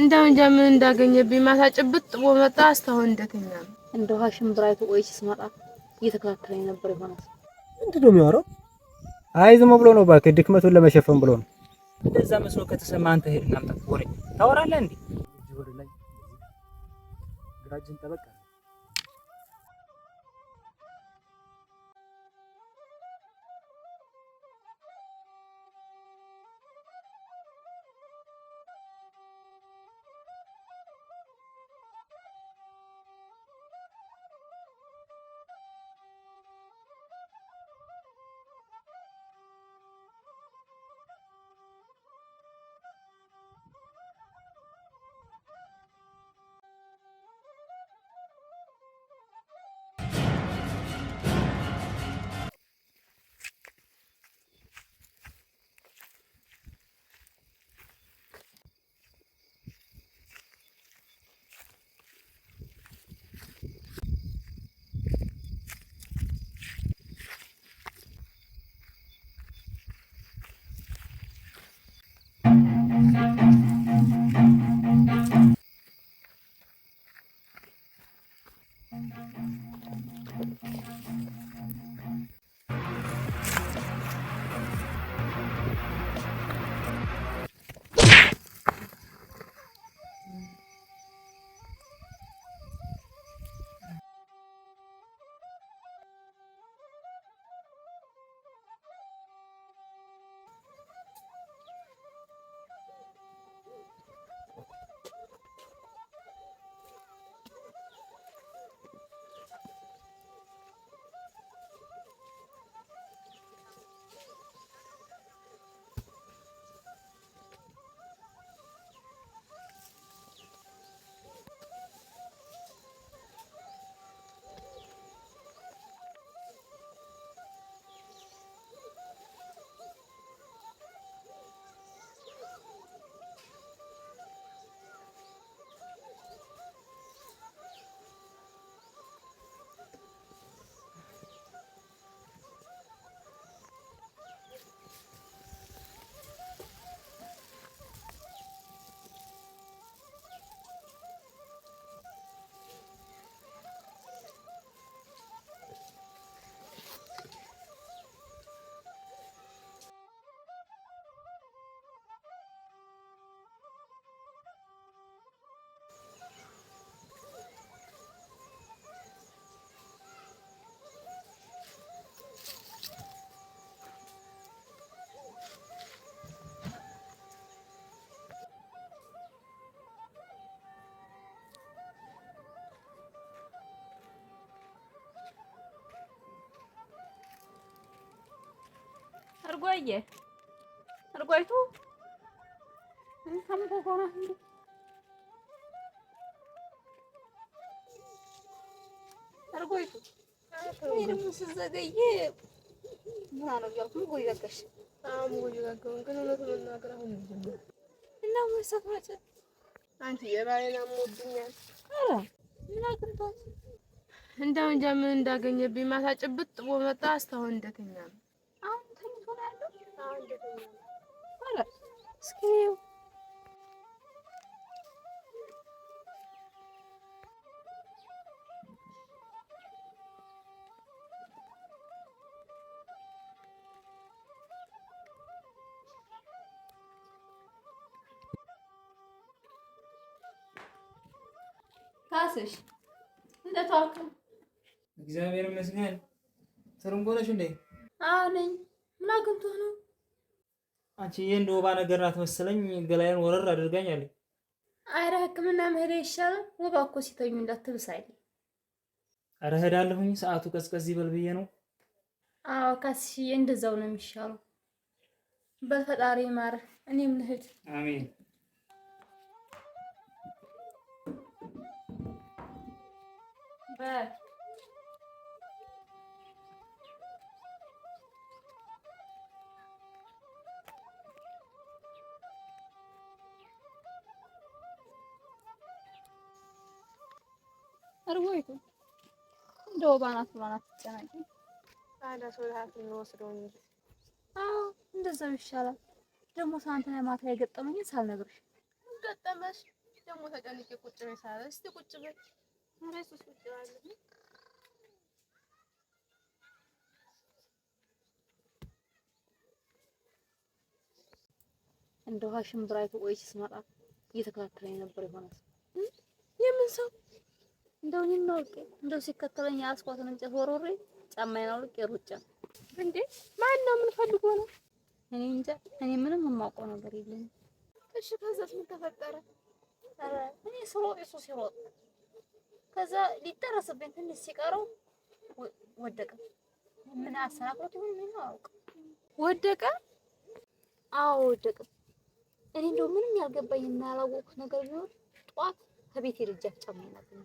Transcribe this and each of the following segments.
እንደው እንጃ ምን እንዳገኘብኝ ማታ ጭብጥ ጥቦ መጣ። አስታሁን እንደተኛ ነው እንደ ውሃ ሽምብራይቱ ቆይቼ ስመጣ እየተከታተለኝ ነበር። የሆነ ምንድን ነው የሚያወራው? አይ ዝም ብሎ ነው እባክህ፣ ድክመቱን ለመሸፈን ብሎ ነው። እንደዛ መስሎ ከተሰማ አንተ ሄድና አምጣት። ወሬ ታወራለህ እንዴ? ወሬ ላይ ግራጅን ጠበቅ እርጓዬ እርጓይቱ እርጓይቱ እኔ ደግሞ ስዘገይ ቡና ነው እያልኩ ሙጎ ይጋጋሽ እና ሰራጭን አንቺ የባሌን አሞብኛል። ኧረ ምን አግኝቷት እንደው እንጃ ምን እንዳገኘብኝ ማታ ጭብጥ ብሎ መጣ። አስታውን እንደተኛ ነው ora Seguiu! É Caças! Ainda é toca! Se quiser ver o meu senhor, serão boas, Jundê? Ah, nem! Não, não, não! አንቺ እንደ ወባ ነገር ናት መሰለኝ ገላዬን ወረር አድርጋኛለች። አረ ህክምና መሄድ ይሻላል። ወባ እኮ ሲተኙ እንዳትብስ አይደል? አረ እሄዳለሁኝ። ሰዓቱ ቀዝቀዝ ይበል ብዬ ነው። አዎ ካሲ እንደዛው ነው የሚሻለው። በፈጣሪ ማር። እኔም ልሂድ። አሜን። በል እርቦይቱ እንደ ወባ ናት ብሏን አትጨናቂ። አዎ እንደዛው ይሻላል። ደግሞ ትናንትና ማታ የገጠመኝ ሳልነግርሽ ገጠመሽ። ደግሞ ተጨንቄ ቁጭ በይ ሳለ እስቲ ቁጭ ቆይቼ ስመጣ እየተከታተለኝ ነበር የሆነ ሰው የምን ሰው እንደው እኔም አውቄ እንደው ሲከተለኝ ያስኳትን እንጨት ወሮሬ ጫማዬን አውልቄ ሩጫ እንዴ! ማን ነው ምን ፈልጎ ነው? እኔ እንጃ። እኔ ምንም የማውቀው ነገር የለኝም። እሺ፣ ከዛስ ምን ተፈጠረ? እኔ ስሮጥ እሱ ሲሮጥ ከዛ ሊደረስብኝ ትንሽ ሲቀረው ወደቀ። ምን አሰናክሎት ይሆን ምን አውቅ። ወደቀ? አዎ ወደቀ። እኔ እንደው ምንም ያልገባኝና ያላወቅኩት ነገር ቢሆን ጠዋት ከቤት የደጃፍ ጫማዬን አገኘሁ።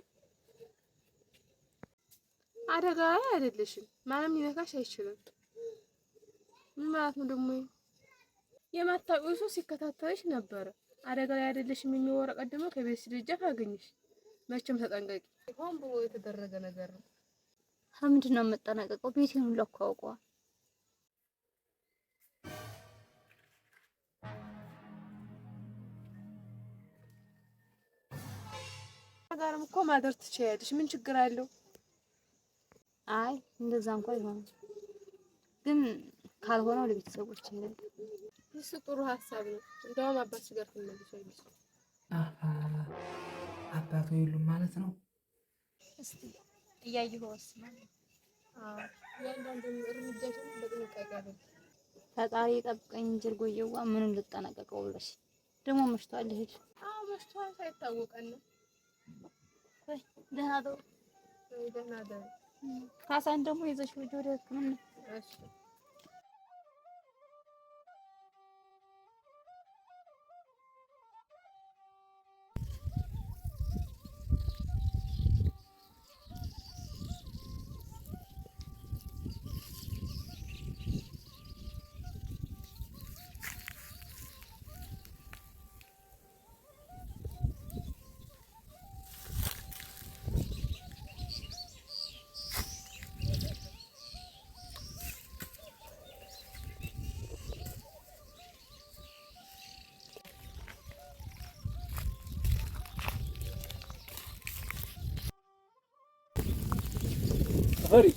አደጋ ላይ አይደለሽም። ማንም ሊነካሽ አይችልም። ምን ማለት ነው ደግሞ? የማታውቂው ሰው ሲከታተልሽ ነበረ። አደጋ ላይ አይደለሽም የሚል ወረቀት ደግሞ ከቤት ደጃፍ አገኘሽ። መቼም ተጠንቀቂ። ሆን ብሎ የተደረገ ነገር ነው። ከምንድን ነው የምጠነቀቀው? ቤቴን ሁሉ እኮ አውቀዋል። ጋርም እኮ ማደር ትችያለሽ። ምን ችግር አለው? አይ እንደዛ እንኳን ይሆናል፣ ግን ካልሆነው ለቤተሰቦች ይሄዳል። እሱ ጥሩ ሀሳብ ነው። እንደውም አባት ጋር ትመልሶ አባቱ የሉም ማለት ነው። እስቲ እያየሁ ፈጣሪ ጠብቀኝ። ጀርጎየዋ ምን ልጠናቀቀው ብለሽ ደግሞ መሽቷል። ይሄድ አዎ መሽቷል። ሳይታወቀን ነው። ደህና ደሩ ደህና ደሩ ካሳን ደግሞ ይዘሽ ወደ ሕክምና ፈሪ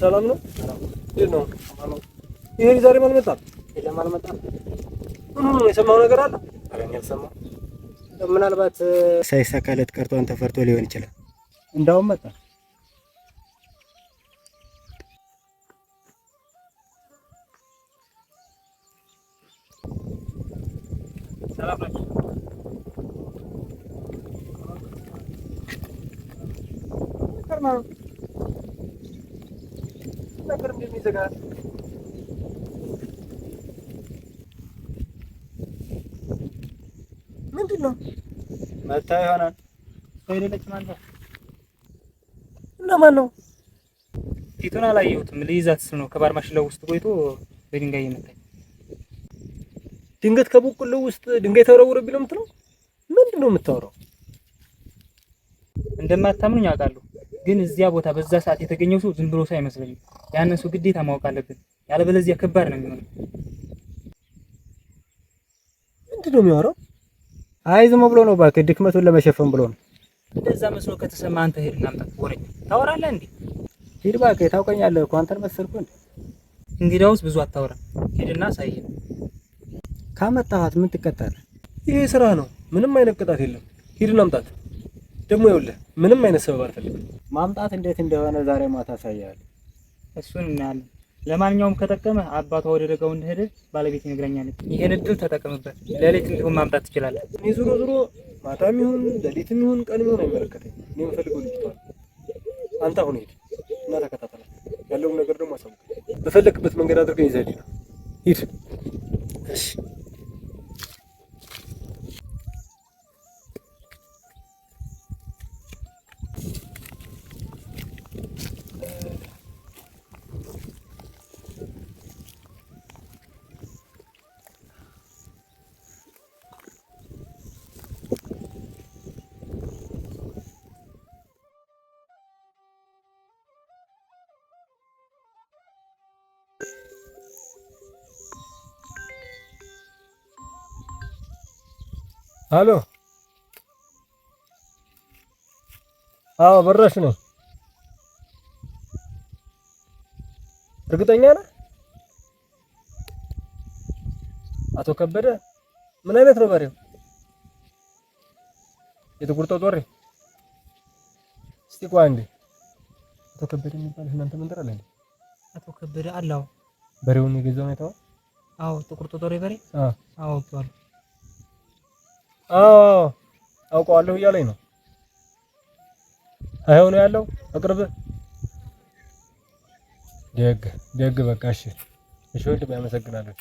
ሰላም ነው? እንዴት ነው? ይሄ ዛሬም አልመጣም። አልመጣም። የሰማው ነገር አለ? ኧረ እኔ አልሰማሁም። ምናልባት ሳይሳካለት ቀርቶ አንተ ፈርቶ ሊሆን ይችላል። እንዳውም መጣ። ሰላም ይዘጋል። ምንድን ነው መታ ይሆናል አይደለች ማለት ማን ነው? ፊቱን አላየሁትም። ልይዛት ስም ነው ከባር ማሽላው ውስጥ ቆይቶ በድንጋይ የመታኝ። ድንገት ከቡቁለው ውስጥ ድንጋይ ተወረወረብኝ ነው የምትለው? ምንድን ነው የምታወራው? እንደማታምኑኝ አውቃለሁ፣ ግን እዚያ ቦታ በዛ ሰዓት የተገኘው ሰው ዝም ብሎ ሰው አይመስለኝም። ያነሱ ግዴታ ማወቅ አለብን። ያለበለዚያ ከባድ ነው የሚሆነው። ምንድን ነው የሚያወራው? አይ ዝም ብሎ ነው እባክህ፣ ድክመቱን ለመሸፈን ብሎ ነው። እንደዛ መስሎ ከተሰማ አንተ ሄድ እናምጣ። ወሬ ታወራለህ እንዴ? ሂድ እባክህ፣ ታውቀኛለህ እኮ አንተን መሰልኩ እንዴ? እንግዲያውስ ብዙ አታወራ፣ ሄድና ሳይ። ካመጣሃት ምን ትቀጣለህ? ይሄ ስራ ነው፣ ምንም አይነት ቅጣት የለም። ሂድ እናምጣት። ደግሞ ይኸውልህ፣ ምንም አይነት ሰበብ አልፈልግም። ማምጣት እንዴት እንደሆነ ዛሬ ማታ አሳይሃለሁ። እሱን እናያለን። ለማንኛውም ከጠቀመ አባቷ ወደ ደጋው እንደሄደ ባለቤት ይነግረኛለች። ይሄን እድል ተጠቀምበት። ሌሊት እንዲሁም ማምጣት ትችላለህ። እኔ ዙሮ ዙሮ ማታም ይሁን ሌሊትም ይሁን ቀን ይሁን አይመለከተኝ። እኔ የምፈልገው ልጅቷል። አንተ አሁን ሂድ እና ተከታተላት። ያለውን ነገር ደግሞ አሳውቅ። በፈለግበት መንገድ አድርገህ ይዘህ ሂድ። እሺ አሎ፣ አዎ በራሽ ነው እርግጠኛ ነህ? አቶ ከበደ ምን አይነት ነው በሬው? የጥቁር ጦጣሪ? እስቲ ቆይ አንዴ። አቶ ከበደ የሚባል እናንተ ምን ተራለ? አቶ ከበደ አላው በሬውን የገዛው ነው የታወቀው? አዎ ጥቁር ጦጣሪ በሬ። አዎ አዎ አዎ አውቀዋለሁ እያለኝ ነው። አይሆ ያለው አቅርብ። ደግ ደግ በቃ እሺ፣ እሺ ወንድም ያመሰግናለሁ።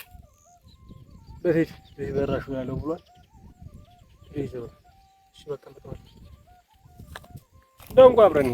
በፊት በራሹ ያለው ብሏል። እሺ በቃ እንደውም አብረን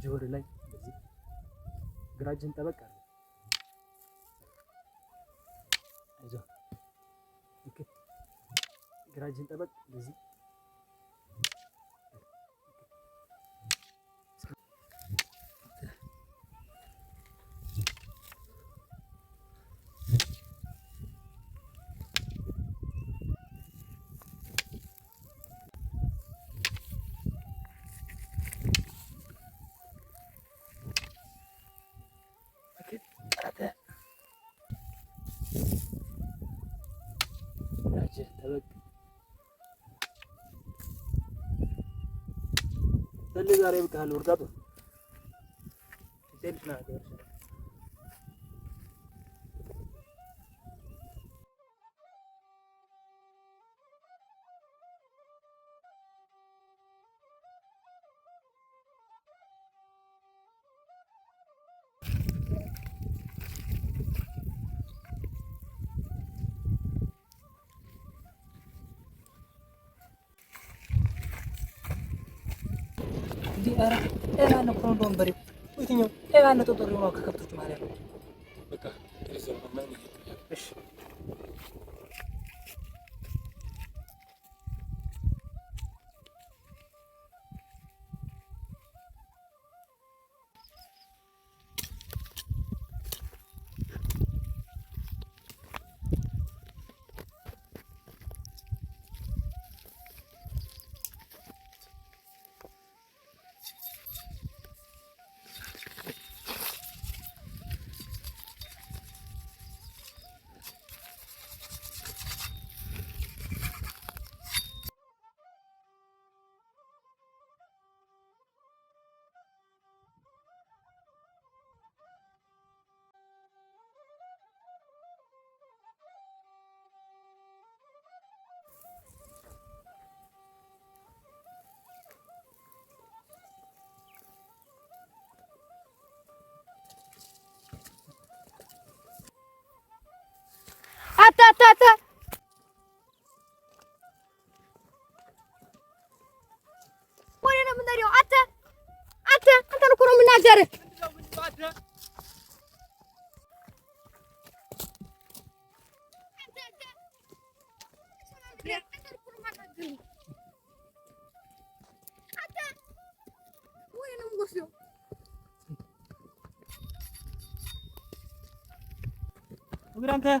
እጅ ወደ ላይ እንደዚህ ግራ እጅን ጠበቅ አለ። አይዞህ ግራ እጅን ጠበቅ እንደዚህ ለዛሬ ዛሬ ነበረ። ኤባን ነው ኮንዶ ወንበሬ የትኛው ኤባን ነው ጦጦሪ ነው ከከብቶች ማለት ነው። በቃ እሺ attı attı attı. Koyana bunlar yok attı. Attı. Attı kurumun nazarı. Grande.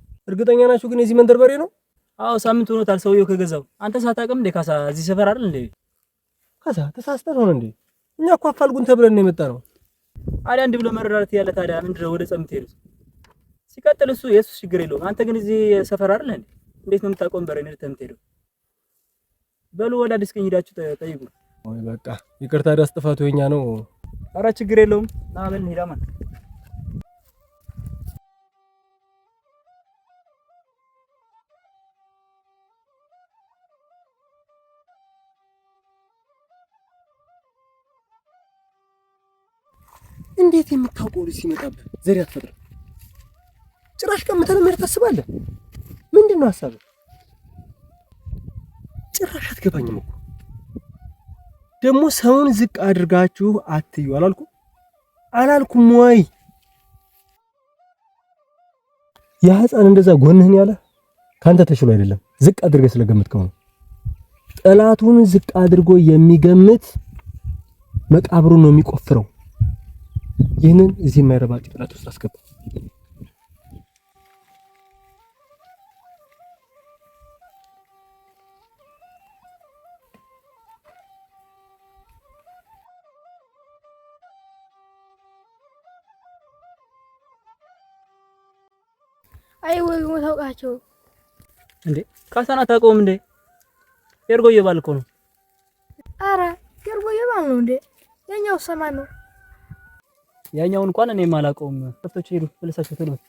እርግጠኛ ናችሁ ግን የዚህ መንደር በሬ ነው? አዎ ሳምንት ሆኖታል ሰውየው ከገዛው። አንተ ሳታውቅም እንዴ ካሳ? እዚህ ሰፈር አይደል እንዴ ካሳ? ተሳስተን ሆነ እንዴ? እኛ እኮ አፋልጉን ተብለን ነው የመጣ ነው። አዲ አንድ ብሎ መረዳት ያለ ታዲያ ምንድን ነው ወደ ጸምት ሄዱት። ሲቀጥል እሱ የሱስ ችግር የለውም። አንተ ግን እዚህ ሰፈር አይደል እንዴ? እንዴት ነው የምታቆም በሬ ነው የምትሄደው? በሉ ወደ አዲስ ቀኝ ሄዳችሁ ጠይቁ። ወይ በቃ ይቅርታ፣ ዳስ ጥፋቱ የኛ ነው። አራ ችግር የለውም ና ሄዳ ማለት እንዴት የምታውቀው ልጅ ሲመጣብህ ዘዴ አትፈጥርም? ጭራሽ ቀምተህ ለመሄድ ታስባለህ። ምንድን ነው ሀሳብህ? ጭራሽ አትገባኝም እኮ ደግሞ ሰውን ዝቅ አድርጋችሁ አትዩ አላልኩ አላልኩም ወይ? ያ ህፃን እንደዛ ጎንህን ያለ ካንተ ተሽሎ አይደለም፣ ዝቅ አድርገህ ስለገመትከው ነው። ጠላቱን ዝቅ አድርጎ የሚገምት መቃብሩን ነው የሚቆፍረው። ይህንን እዚህ የማይረባ ጭቅላት ውስጥ አስገባ። አይ ወይ ሞት እንዴ! ካሳና ታውቀውም እንዴ? ባል እኮ ነው። አረ የርጎየ ባል ነው እንዴ? የኛው ሰማ ነው ያኛው እንኳን እኔ አላውቀውም። ከብቶች ሄዱ፣ መልሳቸው ተነሱ።